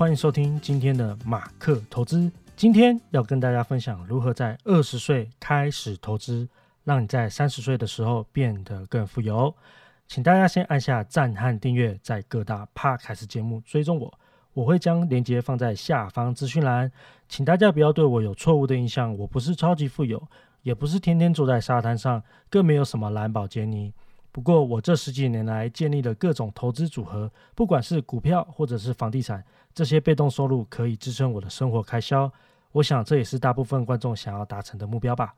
歡迎收聽今天的馬克投資。今天要跟大家分享如何在二十歲開始投資，讓你在三十歲的時候變得更富有。請大家先按下讚和訂閱，在各大 Podcast 節目追蹤我，我會將鏈接放在下方資訊欄。請大家不要對我有錯誤的印象，我不是超級富有，也不是天天坐在沙灘上，更沒有什麼藍寶堅尼。不過，我這十幾年來建立的各種投資組合，不管是股票或者是房地產，這些被動收入可以支撐我的生活開銷。我想，這也是大部分觀眾想要達成的目標吧。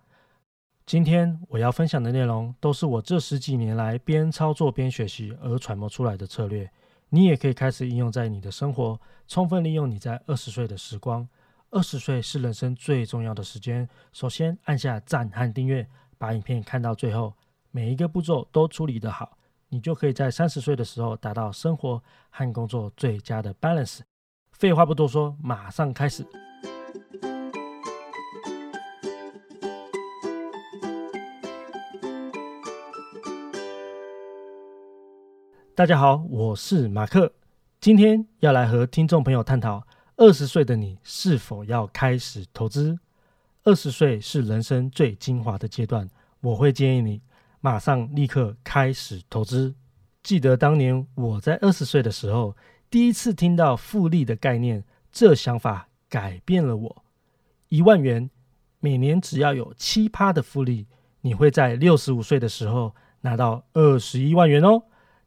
今天我要分享的內容，都是我這十幾年來邊操作邊學習而揣摩出來的策略。你也可以開始應用在你的生活，充分利用你在二十歲的時光。二十歲是人生最重要的時間。首先，按下讚和訂閱，把影片看到最後。每一個步驟都處理得好，你就可以在三十歲的時候達到生活和工作最佳的 balance。廢話不多說，馬上開始。大家好，我是馬克，今天要來和聽眾朋友探討：二十歲的你是否要開始投資？二十歲是人生最精華的階段，我會建議你。馬上立刻開始投資。記得當年我在二十歲的時候，第一次聽到複利的概念，這想法改變了我。一萬元每年只要有七趴的複利，你會在六十五歲的時候拿到二十一萬元哦。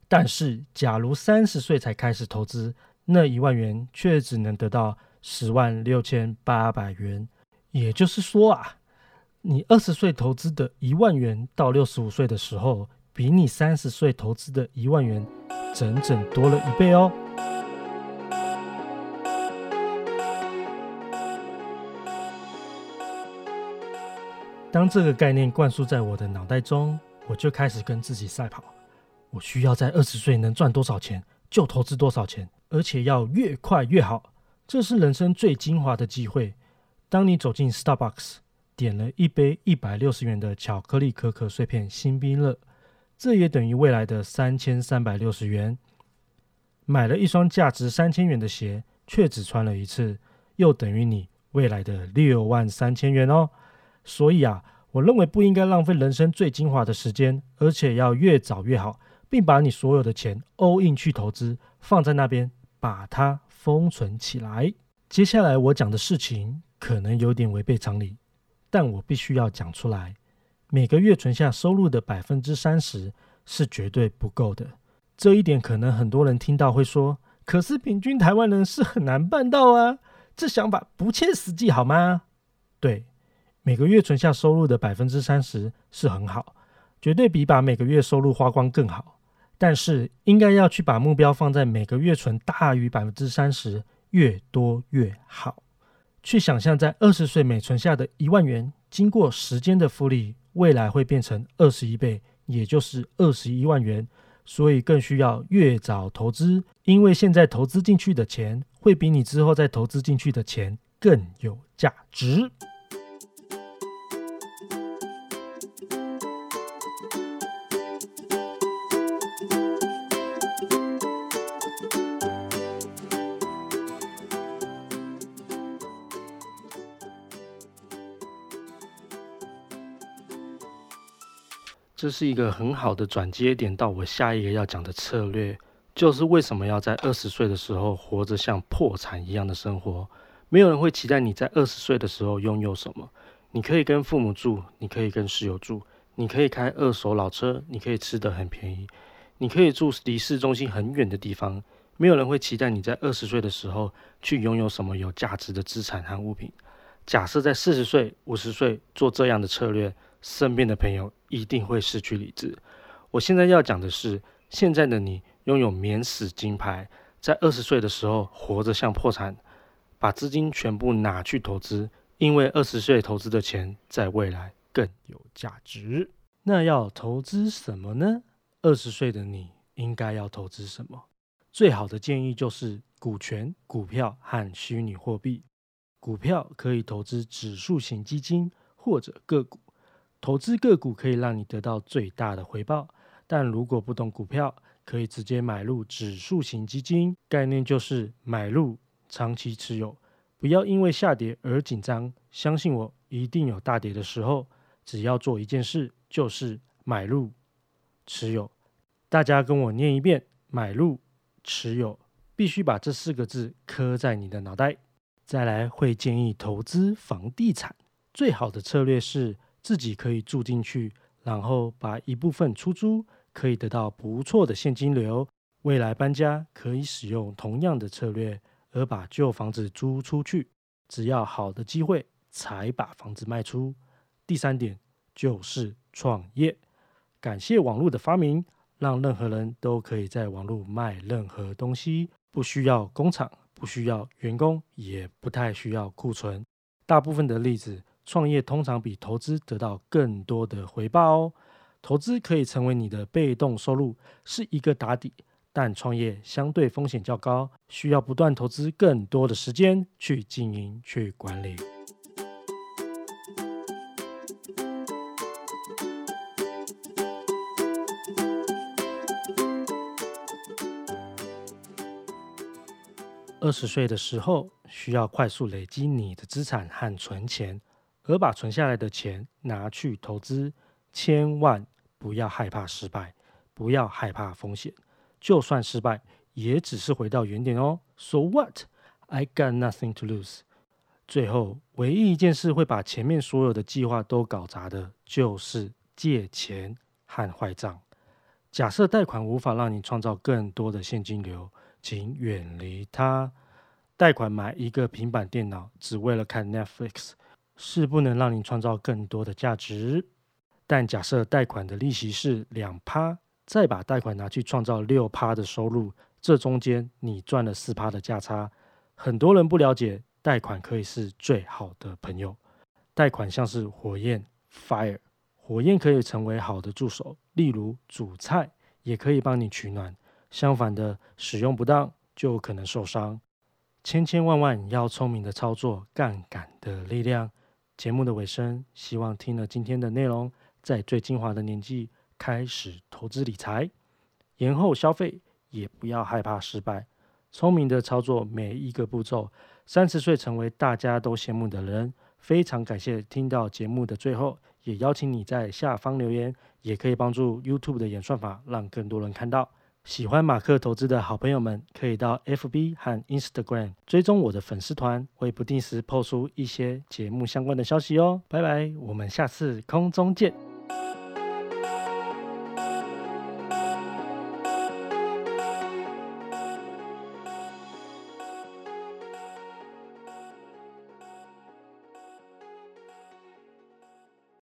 但是，假如三十歲才開始投資，那一萬元卻只能得到十萬六千八百元。也就是說啊。你二十歲投資的一萬元，到六十五歲的時候，比你三十歲投資的一萬元整整多了一倍哦。當這個概念灌輸在我的腦袋中，我就開始跟自己賽跑。我需要在二十歲能賺多少錢，就投資多少錢，而且要越快越好。這是人生最精華的機會。當你走進 Starbucks，點了一杯一百六十元的巧克力可可碎片星冰樂，這也等於未來的三千三百六十元。買了一雙價值三千元的鞋，卻只穿了一次，又等於你未來的六萬三千元哦。所以啊，我認為不應該浪費人生最精華的時間，而且要越早越好，並把你所有的錢 all in 去投資，放在那邊把它封存起來。接下來我講的事情可能有點違背常理。但我必須要講出來，每個月存下收入的百分之三十是絕對不夠的。這一點可能很多人聽到會說，可是平均台灣人是很難辦到啊，這想法不切實際好嗎？對，每個月存下收入的百分之三十是很好，絕對比把每個月收入花光更好。但是應該要去把目標放在每個月存大於百分之三十，越多越好。去想象，在二十歲每存下的一萬元，經過時間的複利，未來會變成二十一倍，也就是二十一萬元。所以更需要越早投資，因為現在投資進去的錢，會比你之後再投資進去的錢更有價值。這是一個很好的轉接點，到我下一個要講的策略，就是為什麼要在二十歲的時候，活着像破產一樣的生活。沒有人會期待你在二十歲的時候擁有什麼。你可以跟父母住，你可以跟室友住，你可以開二手老車，你可以吃得很便宜，你可以住離市中心很遠的地方。沒有人會期待你在二十歲的時候去擁有什麼有價值的資產和物品。假設在四十歲、五十歲做這樣的策略。身邊的朋友一定會失去理智。我現在要講的是，現在的你擁有免死金牌，在二十歲的時候活着像破產，把資金全部拿去投資，因為二十歲投資的錢在未來更有價值。那要投資什麼呢？二十歲的你應該要投資什麼？最好的建議就是股權、股票和虛擬貨幣。股票可以投資指數型基金或者個股。投資個股可以讓你得到最大的回報，但如果不懂股票，可以直接買入指數型基金。概念就是買入，長期持有，不要因為下跌而緊張。相信我，一定有大跌的時候。只要做一件事，就是買入持有。大家跟我念一遍：買入持有，必須把這四個字刻在你的腦袋。再來會建議投資房地產，最好的策略是。自己可以住進去，然後把一部分出租，可以得到不錯的現金流。未來搬家可以使用同樣的策略，而把舊房子租出去，只要好的機會才把房子賣出。第三點就是創業，感謝網絡的發明，讓任何人都可以在網絡賣任何東西，不需要工廠，不需要員工，也不太需要庫存。大部分的例子，創業通常比投資得到更多的回報哦。投資可以成為你的被動收入，是一個打底，但創業相對風險較高，需要不斷投資更多的時間去經營、去管理。二十歲的時候，需要快速累積你的資產和存錢。而把存下來的錢拿去投資，千萬不要害怕失敗，不要害怕風險。就算失敗，也只是回到原點哦。So what? I got nothing to lose。最後，唯一一件事會把前面所有的計劃都搞砸的，就是借錢和壞賬。假設貸款無法讓你創造更多的現金流，請遠離它。貸款買一個平板電腦，只為了看 Netflix。是不能讓你創造更多的價值，但假設貸款的利息是兩趴，再把貸款拿去創造六趴的收入，這中間你賺了四趴的價差。很多人不了解，貸款可以是最好的朋友。貸款像是火焰 （fire），火焰可以成為好的助手，例如煮菜，也可以幫你取暖。相反的，使用不當就可能受傷。千千萬萬要聰明的操作槓桿的力量。節目的尾聲，希望聽了今天的內容，在最精華的年紀開始投資理財，延後消費，也不要害怕失敗，聰明的操作每一個步驟，三十歲成為大家都羨慕的人。非常感謝聽到節目的最後，也邀請你在下方留言，也可以幫助 YouTube 的演算法，讓更多人看到。喜歡馬克投資的好朋友們，可以到 FB 和 Instagram 追蹤我的粉絲團，會不定時 po 出一些節目相關的消息哦。拜拜，我們下次空中見。